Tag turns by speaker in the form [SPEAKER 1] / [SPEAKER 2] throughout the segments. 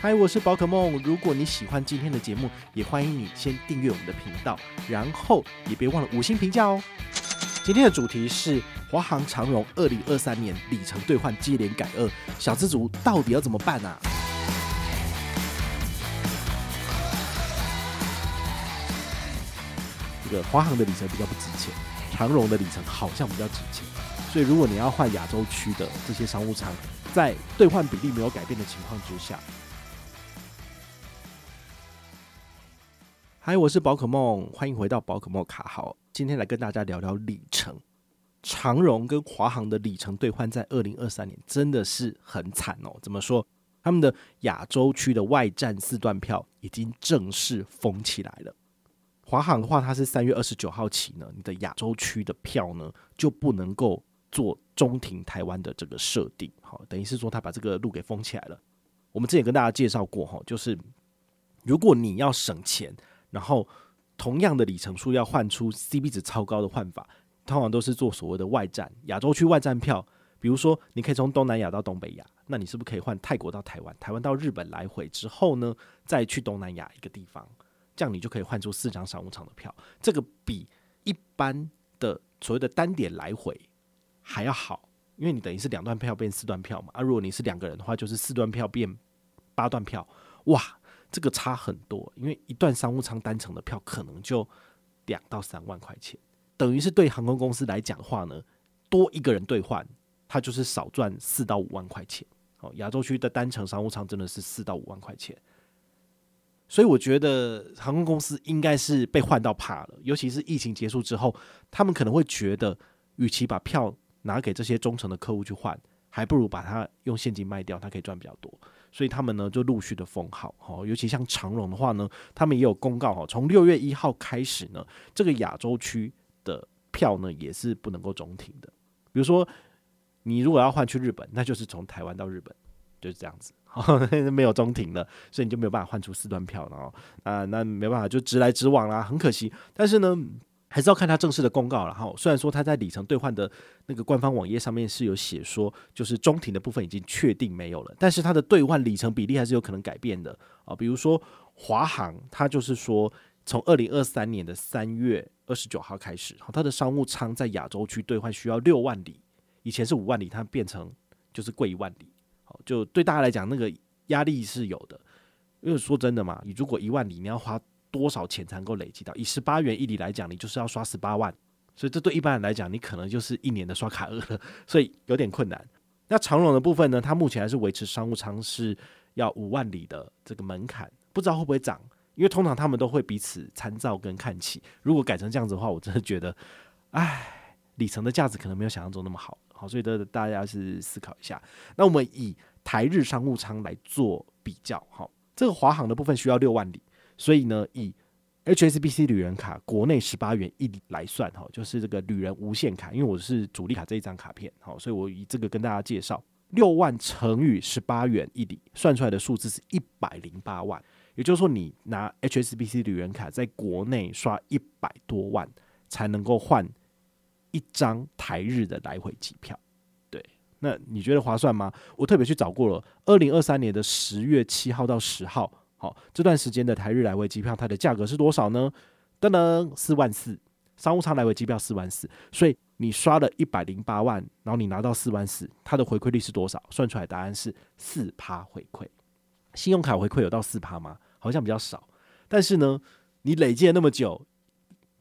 [SPEAKER 1] 嗨，我是寶可孟。如果你喜歡今天的節目，也歡迎你先訂閱我們的頻道，然後也別忘了五星評價哦。今天的主題是華航、長榮二零二三年里程兌換接連改惡，小資族到底要怎麼辦啊？這個華航的里程比較不值錢，長榮的里程好像比較值錢，所以如果你要換亞洲區的這些商務艙，在兌換比例沒有改變的情況之下。嗨，我是寶可孟，歡迎回到寶可孟卡好。今天來跟大家聊聊哩程，長榮跟華航的哩程兌換在二零二三年真的是很慘哦。怎麼說？他們的亞洲區的外站四段票已經正式封起來了。華航的話，它是三月二十九號起呢，你的亞洲區的票呢就不能夠做中停台灣的這個設定。好，等於是說他把這個路給封起來了。我們之前跟大家介紹過哈，就是如果你要省錢。然後，同樣的里程數要換出 CP 值超高的換法，通常都是做所謂的外站亞洲區外站票。比如說，你可以從東南亞到東北亞，那你是不是可以換泰國到台灣，台灣到日本來回之後呢，再去東南亞一個地方，這樣你就可以換出四張商務艙的票。這個比一般的所謂的單點來回還要好，因為你等於是兩段票變四段票嘛。啊，如果你是兩個人的話，就是四段票變八段票，哇！這個差很多，因為一段商務艙單程的票可能就兩到三萬塊錢，等於是對航空公司來講的話呢，多一個人兌換，他就是少賺四到五萬塊錢。哦，亞洲區的單程商務艙真的是四到五萬塊錢，所以我覺得航空公司應該是被換到怕了，尤其是疫情結束之後，他們可能會覺得，與其把票拿給這些忠誠的客戶去換，還不如把它用現金賣掉，它可以賺比較多。所以他們呢就陸續的封號，尤其像長榮的話呢，他們也有公告，從六月一號開始呢，這個亞洲區的票呢也是不能夠中停的。比如說，你如果要換去日本，那就是從台灣到日本，就是這樣子，呵呵，沒有中停的，所以你就沒有辦法換出四段票了啊，那沒辦法就直來直往啦，很可惜。但是呢。還是要看它正式的公告。然後，雖然說它在里程兌換的那個官方網頁上面是有寫說，就是中停的部分已經確定沒有了，但是它的兌換里程比例還是有可能改變的啊。比如說華航，它就是說從二零二三年的三月二十九號開始，它的商務艙在亞洲區兌換需要六萬里，以前是五萬里，它變成就是貴一萬里。好，就對大家來講，那個壓力是有的。因為說真的嘛，你如果一萬里，你要花。多少錢才能夠累積到？以十八元一里來講，你就是要刷十八萬，所以這對一般人來講，你可能就是一年的刷卡額了，所以有點困難。那長榮的部分呢？它目前還是維持商務艙是要五萬里的這個門檻，不知道會不會漲？因為通常他們都會彼此參照跟看齊。如果改成這樣子的話，我真的覺得，唉，里程的價值可能沒有想象中那麼好。好，所以的大家是思考一下。那我們以台日商務艙來做比較，好，這個華航的部分需要六萬里。所以呢，以 HSBC 旅人卡國內十八元一哩來算哈，就是這個旅人無限卡，因為我是主力卡這一張卡片，好，所以我以這個跟大家介紹，六萬乘以十八元一哩，算出來的數字是一百零八萬。也就是說，你拿 HSBC 旅人卡在國內刷一百多萬，才能夠換一張台日的來回機票。對，那你覺得划算嗎？我特別去找過了，二零二三年的十月七號到十號。好，這段時間的台日來回機票，它的價格是多少呢？噔噔，四萬四，商務艙來回機票四萬四。所以你刷了一百零八萬，然後你拿到四萬四，它的回饋率是多少？算出來答案是四趴回饋。信用卡回饋有到四趴嗎？好像比較少。但是呢，你累計了那麼久，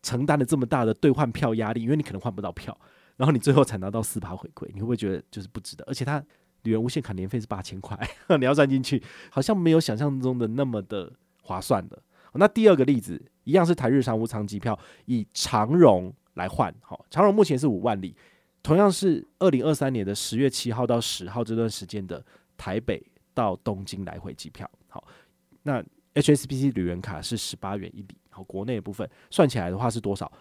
[SPEAKER 1] 承擔了這麼大的兌換票壓力，因為你可能換不到票，然後你最後才拿到四趴回饋，你會不會覺得就是不值得？而且它。旅人無限卡年費是八千塊， 你要算進去，好像沒有想象中的那麼的划算的。那第二個例子，一樣是台日商務艙機票，以長榮來換。好，長榮目前是五萬里，同樣是二零二三年的十月七號到十號這段時間的台北到東京來回機票。好，那 HSBC 旅人卡是十八元一里，國內的部分算起來的話是多少？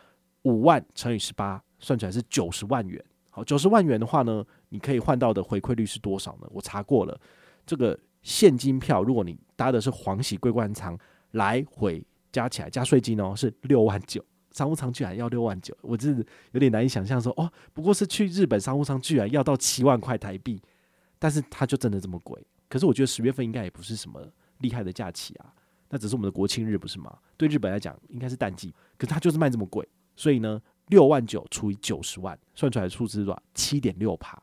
[SPEAKER 1] 五萬乘以十八，算起來是九十萬元。好，九十萬元的話呢，你可以換到的回饋率是多少呢？我查過了，這個現金票，如果你搭的是黃喜桂冠艙來回加起來加稅金哦，是六萬九，商務艙居然要六萬九，我真是有點難以想象說哦，不過是去日本商務艙居然要到七萬塊台幣，但是它就真的這麼貴。可是我覺得十月份應該也不是什麼厲害的假期啊，那只是我們的國慶日不是嗎？對日本來講應該是淡季，可是它就是賣這麼貴，所以呢。六萬九除以九十萬，算出來的數字是多少，七點六趴。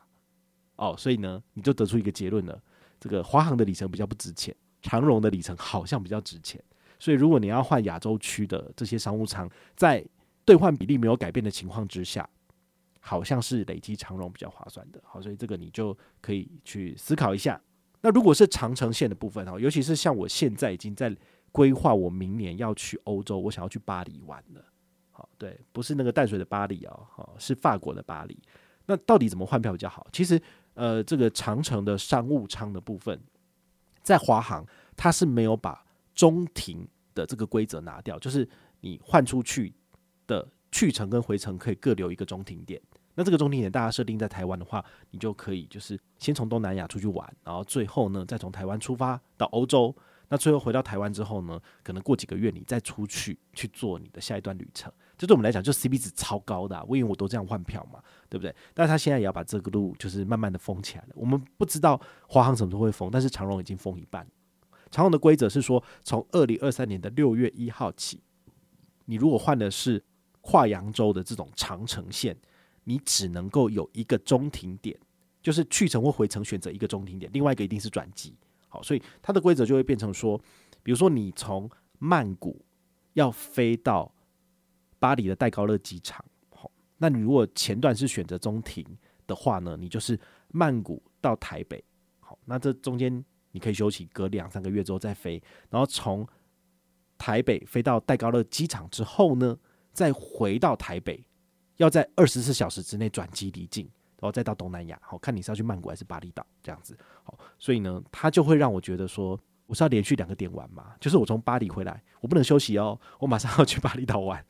[SPEAKER 1] 哦，所以呢，你就得出一個結論了，這個華航的里程比較不值錢，長榮的里程好像比較值錢。所以如果你要換亞洲區的這些商務艙，在兌換比例沒有改變的情況之下，好像是累積長榮比較划算的。好，所以這個你就可以去思考一下。那如果是長程線的部分哦，尤其是像我現在已經在規劃我明年要去歐洲，我想要去巴黎玩了。好，對，不是那個淡水的巴黎哦，哦，是法國的巴黎。那到底怎麼換票比較好？其實，呃，這個長程的商務艙的部分，在華航它是沒有把中停的這個規則拿掉，就是你換出去的去程跟回程可以各留一個中停點。那這個中停點大家設定在台灣的話，你就可以就是先從東南亞出去玩，然後最後呢再從台灣出發到歐洲。那最後回到台灣之後呢？可能過幾個月你再出去去做你的下一段旅程。就對我們來講，就 CP 值超高的、啊，我因為我都這樣換票嘛，對不對？但他現在也要把這個路就是慢慢的封起來了。我們不知道華航什麼時候會封，但是長榮已經封一半。長榮的規則是說，從二零二三年的六月一號起，你如果換的是跨揚州的這種長程線，你只能夠有一個中停點，就是去程或回程選擇一個中停點，另外一個一定是轉機。好，所以它的規則就會變成說，比如說你從曼谷要飛到巴黎的戴高樂機場，好，那你如果前段是選擇中停的話呢，你就是曼谷到台北，好，那這中間你可以休息，隔兩三個月之後再飛，然後從台北飛到戴高樂機場之後呢，再回到台北，要在二十四小時之內轉機離境。然後再到東南亞，好，看你是要去曼谷還是巴厘島這樣子，好，所以呢，他就會讓我覺得說，我是要連續兩個點玩嘛，就是我從巴黎回來，我不能休息哦，我馬上要去巴厘島玩。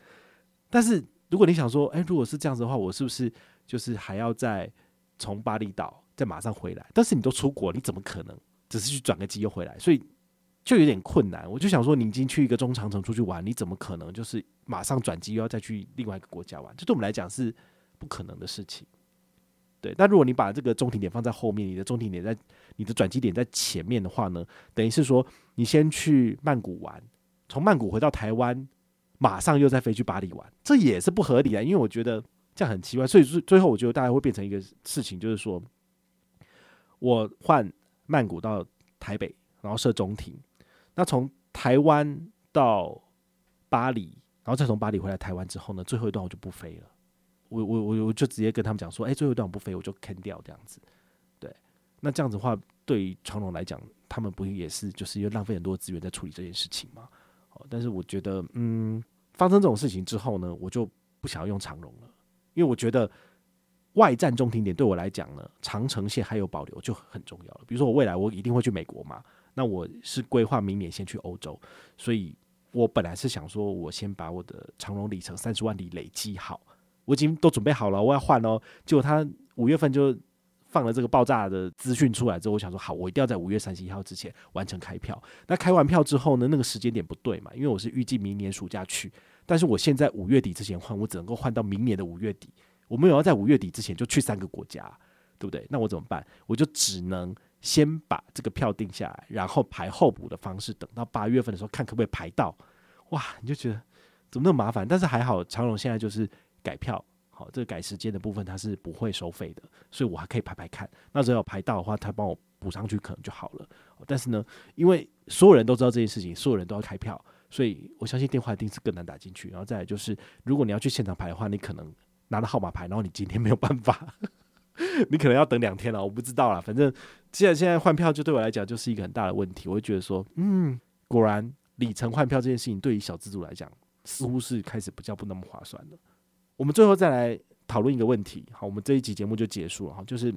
[SPEAKER 1] 但是如果你想說，哎、欸，如果是這樣子的話，我是不是就是還要再從巴厘島再馬上回來？但是你都出國，你怎麼可能只是去轉個機又回來？所以就有點困難。我就想說，你已經去一個中長程出去玩，你怎麼可能就是馬上轉機又要再去另外一個國家玩？這對我們來講是不可能的事情。對，但如果你把這個中停點放在後面，你的中停點在你的轉機點在前面的話呢，等於是說你先去曼谷玩，從曼谷回到台灣，馬上又再飛去巴黎玩，這也是不合理啊，因為我覺得這樣很奇怪，所以最最後我覺得大家會變成一個事情，就是說，我換曼谷到台北，然後設中停，那從台灣到巴黎，然後再從巴黎回來台灣之後呢，最後一段我就不飛了。我我我我就直接跟他們講說，哎、欸，最後一段我不飛，我就砍掉這樣子。對，那這樣子的話，對於長榮來講，他們不也是就是因浪費很多資源在處理這件事情嗎？哦，但是我覺得，嗯，發生這種事情之後呢，我就不想要用長榮了，因為我覺得外站中停點對我來講呢，長程線還有保留就很重要了。比如說，我未來我一定會去美國嘛，那我是規劃明年先去歐洲，所以我本來是想說，我先把我的長榮里程三十萬里累積好。我已經都準備好了，我要換哦。結果他五月份就放了這個爆炸的資訊出來之後，我想說好，我一定要在五月三十一號之前完成開票。那開完票之後呢，那個時間點不對嘛，因為我是預計明年暑假去，但是我現在五月底之前換，我只能夠換到明年的五月底。我沒有要在五月底之前就去三個國家，對不對？那我怎麼辦？我就只能先把這個票定下來，然後排候補的方式，等到八月份的時候看可不可以排到。哇，你就覺得怎麼那麼麻煩？但是還好，長榮現在就是。改票，好，這個改時間的部分它是不會收費的，所以我還可以排排看。那只要排到的話，他幫我補上去可能就好了。但是呢，因為所有人都知道這件事情，所有人都要開票，所以我相信電話一定是更難打進去。然後再來就是，如果你要去現場排的話，你可能拿了號碼牌，然後你今天沒有辦法呵呵，你可能要等兩天了。我不知道啦，反正既然現在換票就對我來講就是一個很大的問題，我就覺得說，嗯，果然哩程換票這件事情對於小資族來講似乎是開始比較不那麼划算的。我們最後再來討論一個問題，好，我們這一集節目就結束了哈，就是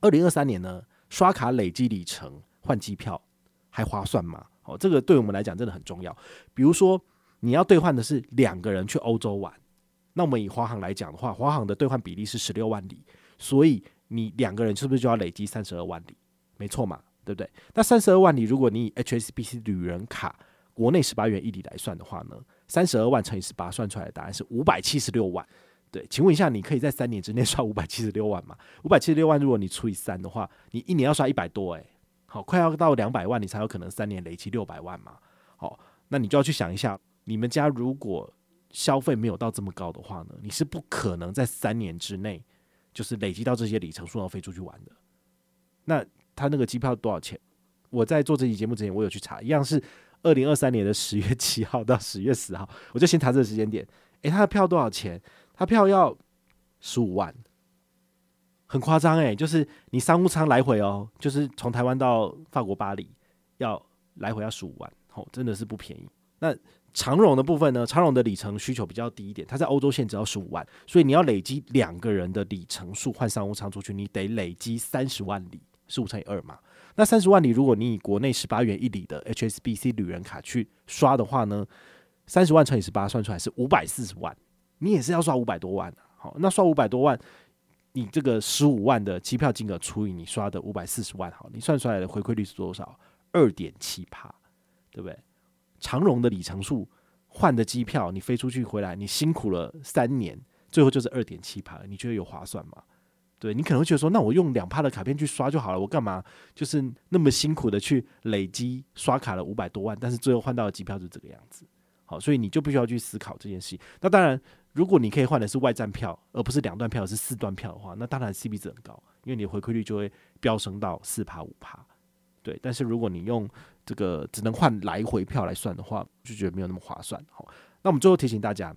[SPEAKER 1] 二零二三年呢，刷卡累積里程換機票還划算嗎？哦，這個對我們來講真的很重要。比如說你要兌換的是兩個人去歐洲玩，那我們以華航來講的話，華航的兌換比例是十六萬里，所以你兩個人是不是就要累積三十二萬里？沒錯嘛，對不對？那三十二萬里，如果你以 HSBC 旅人卡國內十八元一里來算的話呢？三十二萬乘以十八，算出來的答案是五百七十六萬。對，請問一下，你可以在三年之內刷五百七十六萬嗎？五百七十六萬，如果你除以三的話，你一年要刷一百多哎，好，快要到兩百萬，你才有可能三年累積六百萬嘛？好，那你就要去想一下，你們家如果消費沒有到這麼高的話呢，你是不可能在三年之內就是累積到這些里程數然後飛出去玩的。那他那個機票多少錢？我在做這期節目之前，我有去查，一樣是。二零二三年的十月七號到十月十號，我就先查這個時間點。誒、欸，他的票多少錢？他票要十五萬，很誇張誒，就是你商務艙來回哦、喔，就是從台灣到法國巴黎要來回要十五萬，哦、喔，真的是不便宜。那長榮的部分呢？長榮的里程需求比較低一點，他在歐洲線只要十五萬，所以你要累積兩個人的里程數換商務艙出去，你得累積三十萬里，十五乘以二嘛。那三十萬里，如果你以國內十八元一里的 HSBC 旅人卡去刷的話呢，三十萬乘以十八算出來是五百四十萬，你也是要刷五百多萬、啊、好，那刷五百多萬，你這個十五萬的機票金額除以你刷的五百四十萬，好，你算出來的回饋率是多少？二點七趴，對不對？長榮的里程數換的機票，你飛出去回來，你辛苦了三年，最後就是二點七趴，你覺得有划算嗎？對，你可能會覺得說，那我用兩趴的卡片去刷就好了，我幹嘛就是那麼辛苦的去累積刷卡了五百多萬，但是最後換到的機票就這個樣子。好，所以你就必須要去思考這件事。那當然，如果你可以換的是外站票，而不是兩段票而是四段票的話，那當然 CP 值很高，因為你的回饋率就會飆升到四趴、五趴。對，但是如果你用這個只能換來回票來算的話，就覺得沒有那麼划算。好，那我們最後提醒大家，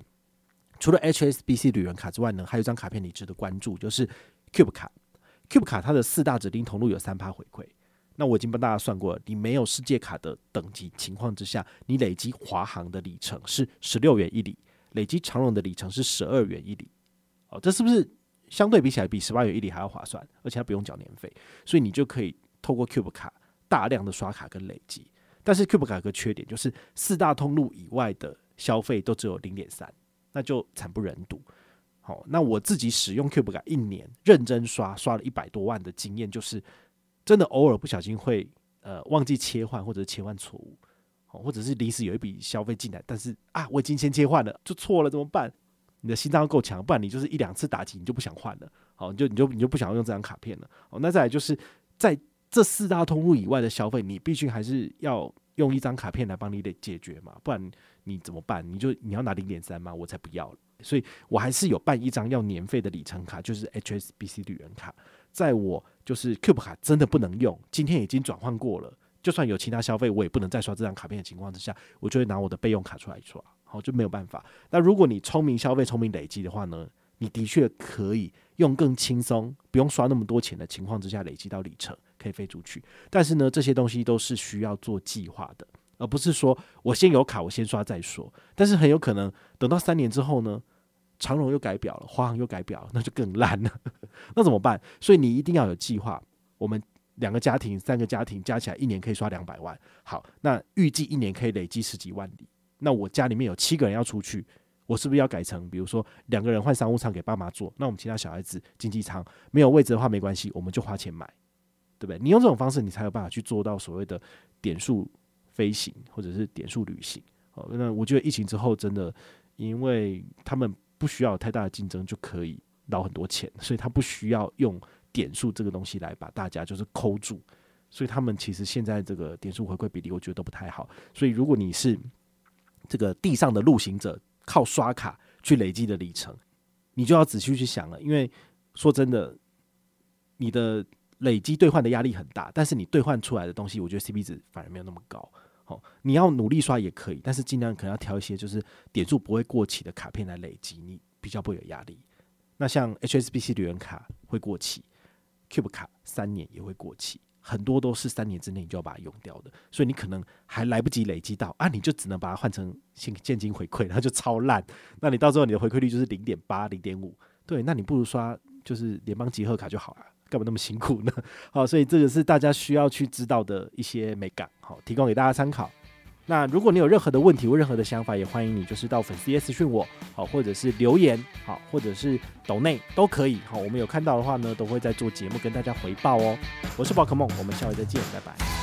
[SPEAKER 1] 除了 HSBC 旅人卡之外呢，還有一張卡片你值得關注，就是。Cube 卡，Cube 卡它的四大指定通路有三趴回饋。那我已經幫大家算過了，你沒有世界卡的等級情況之下，你累積華航的里程是十六元一裡，累積長榮的里程是十二元一裡。哦，這是不是相對比起來比十八元一裡還要划算？而且它不用繳年費，所以你就可以透過 Cube 卡大量的刷卡跟累積。但是 Cube 卡有個缺點，就是四大通路以外的消費都只有零點三，那就慘不忍睹。好，那我自己使用 Cube 卡一年，認真刷刷了一百多萬的經驗，就是真的偶爾不小心會呃忘記切換，或者切換錯誤，哦，或者是臨時有一筆消費進來，但是啊我已經先切換了，就錯了怎麼辦？你的心臟夠強，不然你就是一兩次打擊你就不想換了，好，你就你就你就不想要用這張卡片了。好，那再來就是在這四大通路以外的消費，你必須還是要用一張卡片來幫你得解決嘛，不然你怎麼辦？你就你要拿零點三嗎？我才不要了。所以我還是有辦一張要年費的里程卡，就是 HSBC 旅人卡。在我就是 Cube 卡，真的不能用，今天已經轉換過了。就算有其他消費，我也不能再刷這張卡片的情況之下，我就會拿我的備用卡出來刷，好，就沒有辦法。那如果你聰明消費、聰明累積的話呢，你的確可以用更輕鬆，不用刷那麼多錢的情況之下累積到里程，可以飛出去。但是呢，這些東西都是需要做計劃的。而不是說我先有卡，我先刷再說。但是很有可能等到三年之後呢，長榮又改表了，華航又改表，那就更爛了。 那怎麼辦？所以你一定要有計劃。我們兩個家庭、三個家庭加起來一年可以刷兩百萬。好，那預計一年可以累積十幾萬里。那我家裡面有七個人要出去，我是不是要改成比如說兩個人換商務艙給爸媽坐？那我們其他小孩子經濟艙沒有位置的話沒關係，我們就花錢買，對不對？你用這種方式，你才有辦法去做到所謂的點數。飛行或者是點數旅行，好，那我覺得疫情之後真的，因為他們不需要太大的競爭就可以撈很多錢，所以他不需要用點數這個東西來把大家就是摳住，所以他們其實現在這個點數回饋比例我覺得都不太好，所以如果你是這個地上的路行者，靠刷卡去累積的里程，你就要仔細去想了，因為說真的，你的累積兌換的壓力很大，但是你兌換出來的東西，我覺得 CP 值反而沒有那麽高。好、哦，你要努力刷也可以，但是盡量可能要挑一些就是點數不會過期的卡片來累積，你比較不會有壓力。那像 HSBC 留言卡會過期，Cube 卡三年也會過期，很多都是三年之內你就要把它用掉的，所以你可能還來不及累積到啊，你就只能把它換成現現金回饋，它就超爛。那你到時候你的回饋率就是零點八、零點五，對，那你不如刷就是聯邦集合卡就好了，啊。幹嘛那麼辛苦呢？好，所以這個是大家需要去知道的一些美感，好，提供給大家參考。那如果你有任何的問題或任何的想法，也歡迎你就是到粉絲頁私訊我，好，或者是留言，好，或者是抖內都可以，好，我們有看到的話呢，都會在做節目跟大家回報哦。我是寶可孟，我們下回再見，拜拜。